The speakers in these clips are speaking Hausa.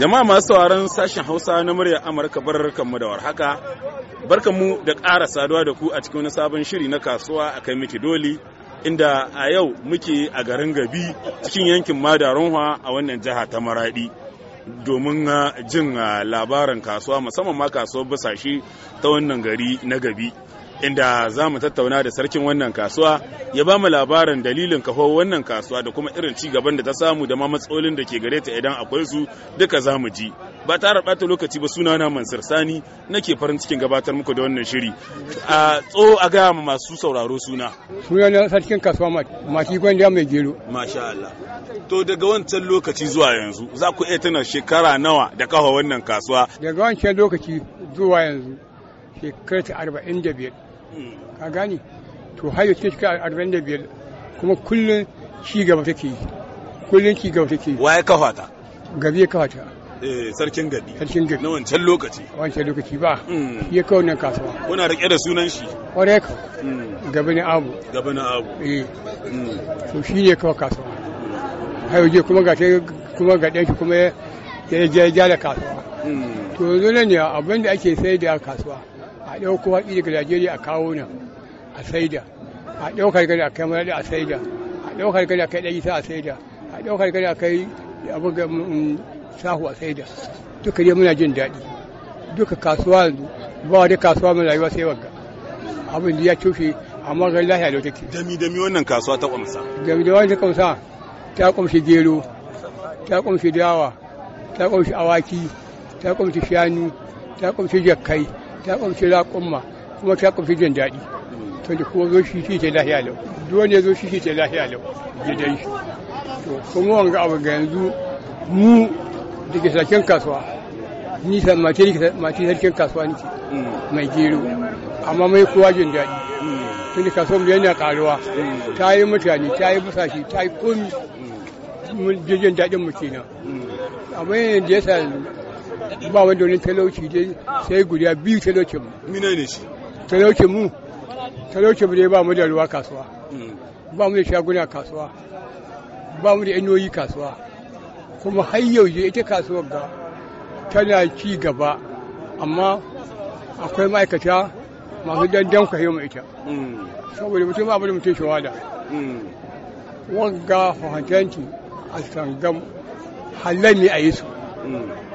Jama'a masu sauraron sashen Hausa na muryar Amurka mu da warhaka. mu da ƙara saduwa da ku a cikin wani sabon shiri na kasuwa a kai miki doli inda a yau muke a garin Gabi cikin yankin Madarunwa a wannan jiha ta Maradi. domin uh, jin uh, labarin kasuwa musamman ma kasuwar basashe ta wannan gari na gabi inda za mu tattauna da sarkin wannan kasuwa ya ba mu labarin dalilin kaho wannan kasuwa da kuma irin ci gaban da ta samu da ma matsalolin da ke gare ta idan akwai su duka za mu ji ba tare bata lokaci ba suna na Mansur Sani nake farin cikin gabatar muku da wannan shiri a tso a ga masu sauraro suna sunana sarkin kasuwa mashi gwanda mai gero masha Allah to daga wancan lokaci zuwa yanzu za ku iya tana shekara nawa da kafa wannan kasuwa daga wancan lokaci zuwa yanzu shekara 45 ka gane to har yau cikin arba'in da biyar kuma kullum ci gaba take yi kullum ci gaba take yi waye kafa ta gabi ya kafa ta eh, sarkin Gabi. sarkin Gabi na wancan lokaci wancan lokaci ba hmm. ya kawo nan kasuwa kuna rike da sunan shi kwarai ka hmm. gabi na abu Gabi na abu eh hmm. to shi ne kawo kasuwa hayo je kuma ga kuma ga shi kuma ya ya ja da kasuwa to yanzu ne abin da ake sai da kasuwa a ɗauko hatsi daga Najeriya a kawo nan a saida a ɗaukar gari a kai da a saida a ɗaukar gari a kai ɗan isa a saida a ɗaukar gari a kai abin mm, mm, sahu a saida duka dai muna jin daɗi duka kasuwa yanzu ba wani kasuwa mai rayuwa sai wagga abin da ya cushe amma ga lahiya da take dami dami wannan kasuwa ta kwamsa dami dami wannan kwamsa ta kwamshi gero ta kwamshi dawa ta kwamshi awaki ta kwamshi shanu ta kwamshi jakkai ta ƙwamshi raƙumma kuma ta ƙwamshi jin daɗi to da kuma zo shi shi ta lafiya lau dole zo shi shi ta lafiya lau gidan shi to kuma wanga abu ga yanzu mu da ke sarkin kasuwa ni san mati sarkin kasuwa nake mai gero amma mai kowa jin daɗi tun da mu yana karuwa ta yi mutane ta yi busashi ta yi komi jin daɗin mu kenan amma yanzu da ya ba wanda wani talauci dai sai guda biyu talauci mu mina ne shi Talauci mu talauci mu dai ba mu da ruwa kasuwa hmm. ba mu da shaguna kasuwa ba mu da yanyoyi kasuwa kuma har yau ita kasuwar ga tana ci gaba amma akwai ma'aikata masu dandan kwayo mu ita hmm. saboda mutum abu da mutum shawada hmm. wanga fahimtanci a sangam halal ne a yi su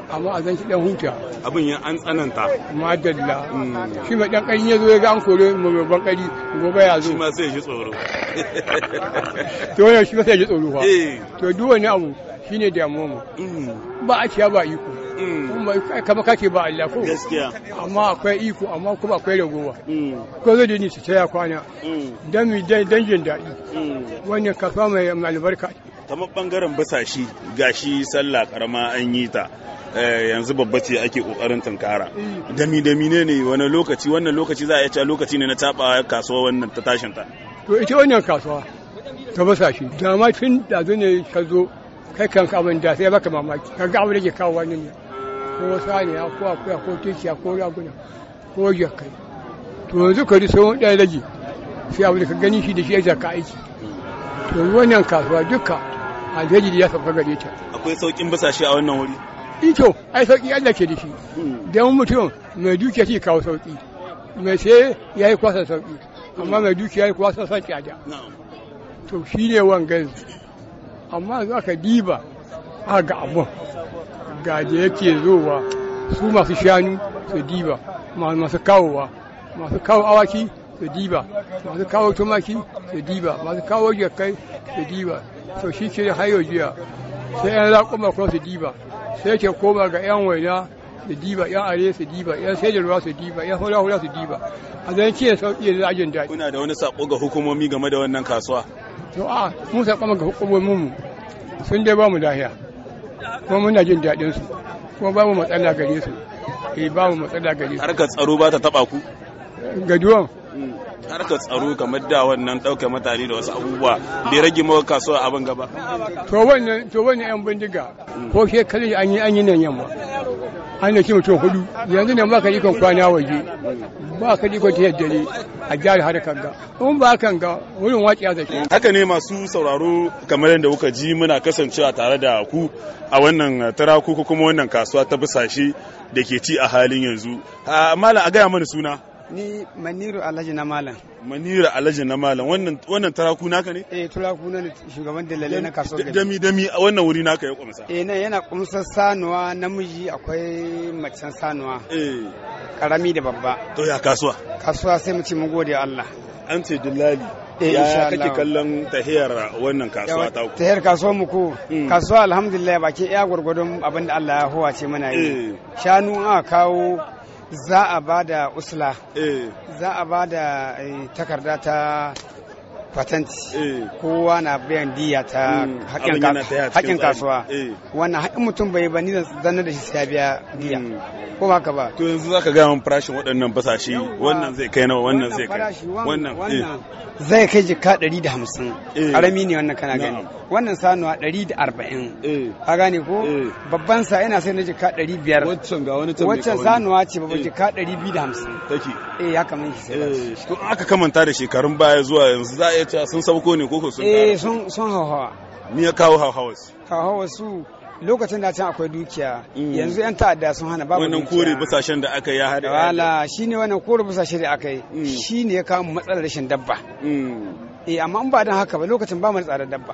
amma a zanci dan huta abin ya an tsananta madalla mm. shi mai dan kari ya zo ya ga an kore mu mai ban kari gobe ya zo shi ma sai ya ji tsoro to ya shi ma sai ya ji tsoro fa eh. to duk wani abu shine damuwa mu mm. ba a ciya ba iko mm. kama kake ba Allah ko gaskiya amma akwai iko amma kuma akwai ragowa ko zai dini su taya kwana dan mi dan jin daɗi wannan kasuwa mai albarka kamar bangaren basashi gashi sallah karama an yi ta Eh, yanzu babba ce ake kokarin tunkara dami dami ne ne wani lokaci wannan lokaci za a iya cewa lokaci ne na taba kasuwa wannan ta tashin ta to ita wannan kasuwa ta basa shi da ma tun da ne ka zo kai kan ka da sai baka mamaki ga abin da ke kawo wani ne ko ya ko akuya ko tukiya ko raguna ko kai to yanzu ka ji sauran ɗaya lagi sai abin da ka gani shi da shi ya ka aiki to wannan kasuwa duka alheri da ya sauka gare ta akwai saukin basashe a wannan wuri ito ai sauki Allah ke da shi don mutum mai dukiya shi kawo sauki mai sai ya yi kwasa sauki amma mai dukiya ya yi kwasa son tsada to shi ne wangan amma za ka diba a ga abu ga da yake zowa su masu shanu su diba masu kawowa masu kawo awaki su diba masu kawo tumaki su diba masu kawo jakai su diba to shi ke hayo jiya sai yan raƙuma kuma su diba sai ke koma ga 'yan waina su diba 'yan are su diba 'yan sai da ruwa su diba 'yan hula hula su diba a zan ce sauƙi da ajin daɗi. kuna da wani sako ga hukumomi game da wannan kasuwa. to a mun saƙo ga hukumomin mu sun dai ba mu lahiya kuma muna jin dadin su kuma ba mu matsala gare su eh ba mu matsala gare su harkar tsaro ba ta taba ku. gaduwan harkar tsaro kamar da wannan dauke mutane da wasu abubuwa bai rage mawa a abin gaba. To wannan to wannan yan bindiga ko ke kalli an yi an yi nan yamma. An da mutum hudu yanzu ne ba ka ikon kwana waje ba ka ikon ta yadda a jihar har ga in ba ga wurin waki a ke haka ne masu sauraro kamar yadda kuka ji muna kasancewa tare da ku a wannan taraku ko kuma wannan kasuwa ta busashe da ke ci a halin yanzu ah, mala a gaya mana suna Ni Maniru Alhaji na Malam. Maniru Alhaji na Malam wannan wannan turaku naka ne? Eh turaku na shugaban dalilai na kaso. Dami dami a wannan wuri naka ya kumsa. Eh nan yana kumsar sanuwa namiji akwai macen sanuwa. Eh. Karami da babba. To ya kasuwa? Kasuwa sai mu ce mu gode Allah. An ce dillali. Eh, ya kake kallon tahiyar wannan kasuwa ta ku tahiyar kasuwa mu ko kasuwa alhamdulillah baki iya gwargwadon abinda da Allah ya huwace mana yi eh. shanu a kawo za a ba da usla eh. za a ba da eh, takarda ta patent eh. kowa na biyan diya ta hmm. haƙƙin kasuwa eh. wannan haƙƙin mutum bai ba ni zan da shi sai biya diya hmm. ko haka ba to yanzu zaka ga mun farashin waɗannan basashi wannan zai kai nawa wannan zai kai wannan zai kai eh. jika 150 ƙarami ne wannan kana gani wannan sanuwa 140 ka gane ko babban sa yana sai na jika 500 waccan ga wani tambaye waccan sanuwa ce babban jika 250 take eh ya kamar shi sai to aka kamanta da shekarun baya zuwa yanzu za a cewa sun sauko ne koko sun eh sun hauhawa me ya kawo hauhawa su hauhawa su lokacin da can akwai dukiya mm. yanzu yan ta'adda sun hana babu wannan kore busashen da aka ya hada wala shine wannan kore busashen da aka yi shine mm. ya kawo matsalar rashin dabba mm. eh amma in ba dan haka ba lokacin ba mu tsada dabba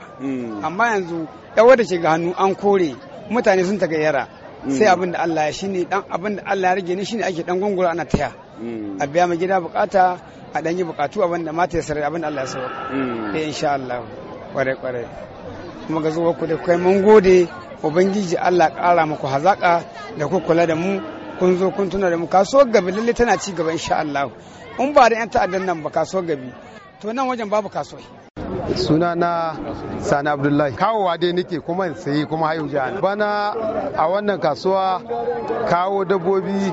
amma yanzu yawar da ke ga hannu an kore mutane sun yara sai abin da Allah ya shine dan abin da Allah ya rage ni shine ake dan gungura ana taya a biya mu gida bukata a dan yi bukatu abin da mata ya sarari abin da Allah ya sauka hmm. eh insha Allah kware kware kuma ga zuwa ku da kai mun gode ubangiji Allah kara muku hazaka da ku kula da mu kun zo kun tuna da mu kasuwar gabi lalle tana ci gaba insha Allah in ba da yan ta'addan nan ba kasuwar gabi to nan wajen babu kasuwai suna na sani abdullahi kawowa dai nake kuma sayi kuma hayo jihar bana a wannan kasuwa kawo dabbobi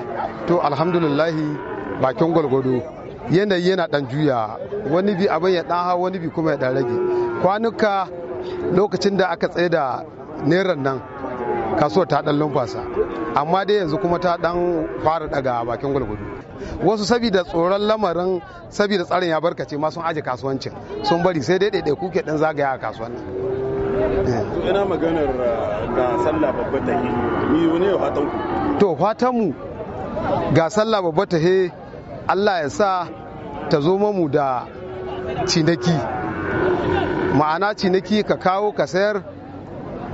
to alhamdulillahi bakin gwalgwado yanayi yana dan juya wani bi abin ya dan wani bi kuma ya dan rage kwanuka lokacin da aka tsaye da neran nan kasuwar ta dan lumfasa amma dai yanzu kuma ta dan fara daga bakin gulgudu wasu saboda tsoron lamarin saboda tsarin ya barkace ma sun aje kasuwancin sun bari sai dai ɗaiɗai kuke dan zagaya a kasuwan nan eh. ina maganar eh, ga sallah babba ta ni wani yau fatan ku to fatan mu ga sallah babba ta he allah ya sa ta zo mamu da cinaki ma'ana cinaki ka kawo ka sayar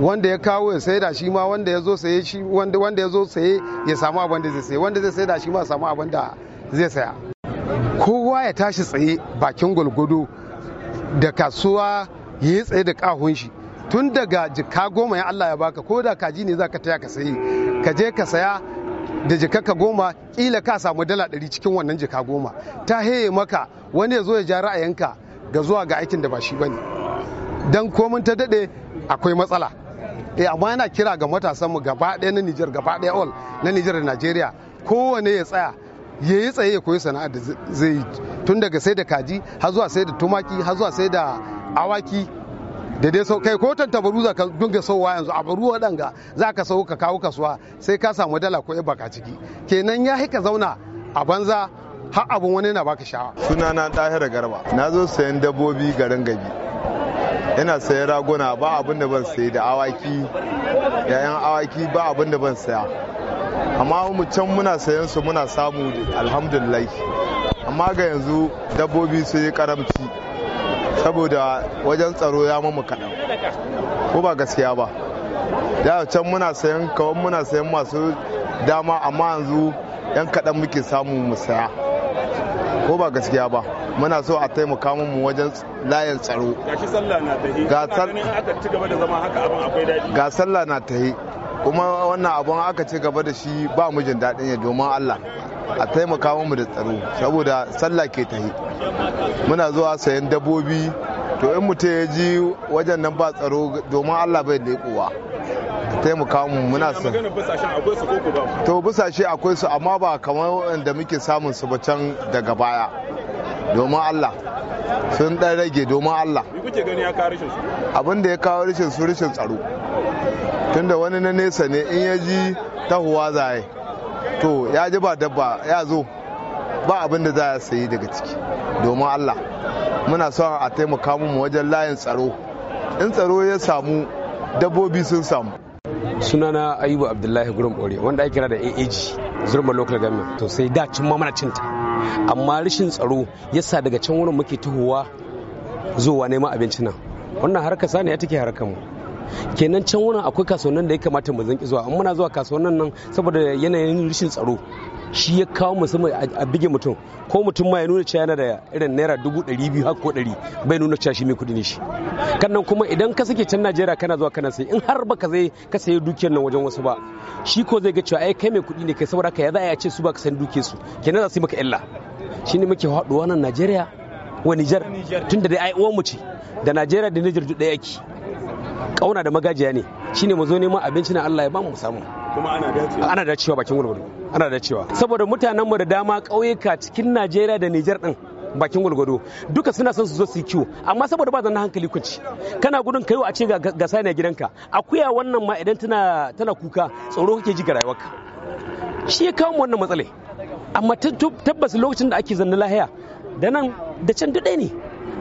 wanda ya kawo ya da shi ma wanda ya zo saye shi wanda ya zo saye ya samu abin da zai saye wanda zai da shi ma samu abin da zai saya kowa ya tashi tsaye bakin gwalgwado da kasuwa ya yi tsaye da kahun shi tun daga jika goma ya Allah ya baka ko da kaji ne za ka taya ka saye ka je ka saya da jikakka goma kila ka samu dala ɗari cikin wannan jika goma ta heye maka wani ya zo ya ja ra'ayinka ga zuwa ga aikin da ba shi bane dan komin ta daɗe akwai matsala E, amma yana kira ga matasanmu gaba ɗaya na Nijar gaba ɗaya all na Nijar da Najeriya kowane ya tsaya ya yi tsaye ya koyi sana'a da zai yi tun daga sai da kaji har zuwa sai da tumaki har zuwa sai da awaki da dai sau kai ko tantabaru za ka dinga sauwa yanzu a baru waɗanga za ka sau ka kawo kasuwa sai ka samu dala ko baka ciki kenan ya ka zauna a banza har abun wani na baka sha'awa sunana ɗahira garba na zo sayan dabbobi garin gabi ina sayan raguna ba abin da ban sayi da awaki yayan awaki ba abin da ban saya amma mu can muna sayan su muna samu alhamdulillah amma ga yanzu dabbobi sun yi karamci saboda wajen tsaro ya mamu kaɗan ko ba gaskiya ba da can muna sayan kawan muna sayan masu dama amma yanzu yan kaɗan muke samu mu saya ko ba gaskiya ba muna so a taimaka mu wajen layin tsaro sallah na ga sallah na tahi kuma wannan abun aka ci gaba da shi ba mijin daɗin ya domin Allah a taimaka mu da tsaro saboda sallah ke ta yi muna zuwa sayan dabbobi to in mutum ya ji wajen nan ba tsaro domin allah bai leƙowa taimaka mu muna son to busashe akwai su amma ba kamar wanda muke samun su ba can daga baya domin allah sun dan rage domin allah abin da ya kawo rashin su rashin tsaro tunda wani na nesa ne in ya ji tahuwa zaye to ya ji ba dabba ya zo ba abin da za a sayi daga ciki domin allah muna son a taimaka mu wajen layin tsaro in tsaro ya samu dabbobi sun samu sunana ayuba abdullahi gurin ore wanda ake kira da aag zurma local government to sai da cin mana cinta amma rashin tsaro ya sa daga can wurin muke tuhuwa zuwa neman abinci nan wannan harkar sani ya take harkar mu kenan can wurin akwai kasuwannin da ya kamata mu zanki zuwa amma muna zuwa kasuwannin nan saboda yanayin rashin tsaro shi ya kawo musamman a bige mutum ko mutum ma ya nuna cewa yana da irin naira dubu ɗari biyu haka ko ɗari bai nuna cewa shi mai kuɗi ne shi kannan kuma idan ka sake can najeriya kana zuwa kana sai in har baka zai ka sayi dukiyar nan wajen wasu ba shi ko zai ga cewa ai kai mai kuɗi ne kai saboda ka ya za a ce su ka san dukiyar su kenan za su yi maka illa shi ne muke haɗuwa nan najeriya wa nijar tun da dai ai uwan mu ce da najeriya da nijar duk ɗaya yake kauna da magajiya ne shine mu zo neman abinci na Allah ya ba mu samu ana dacewa ana bakin gurgudu ana dacewa saboda mutanen mu da dama ƙauyuka cikin Najeriya da Nijar din bakin gwalgwado duka suna son su zo su kiwo amma saboda ba na hankali kunci kana gudun kaiwa a ce ga ne gidanka akuya wannan ma idan tana tana kuka tsoro kake ji ga rayuwarka shi ya kawo wannan matsale amma tabbas lokacin da ake zanna lahiya da nan da can duk ne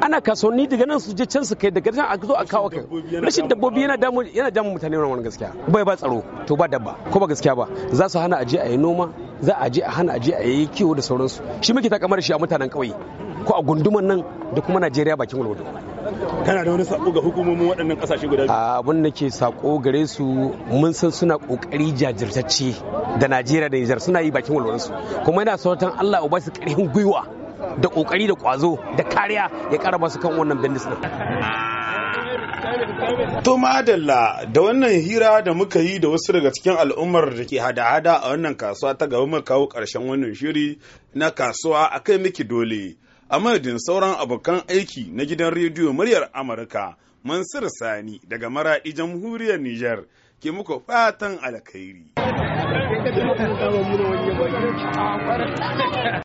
ana kasuwanni daga nan su je can su kai daga nan a zo a kawo kai rashin dabbobi yana damu yana damu mutane wannan gaskiya bai ba tsaro to ba dabba ko ba gaskiya ba za su hana aje a yi noma za a je a hana aje a yi kiwo da sauransu shi muke ta kamar shi a mutanen kauye ko a gunduman nan da kuma Najeriya bakin walwado kana da wani sako ga hukumomin waɗannan ƙasashe guda biyu. Ah, abin da ke sako gare su mun san suna ƙoƙari jajirtacce da Najeriya da Nijar suna yi bakin walwalansu kuma yana sautan Allah uba su ƙarfin gwiwa da kokari da kwazo da kariya ya kara masu kan wannan bendis din To madalla da wannan hira da muka yi da wasu daga cikin al'ummar da ke hada-hada a wannan kasuwa ta gaba muka kawo ƙarshen wannan shiri na kasuwa a kai miki dole. A madadin sauran abokan aiki na gidan rediyo muryar Amurka, Mansur Sani daga maraɗi jamhuriyar Nijar ke muku fatan alkhairi.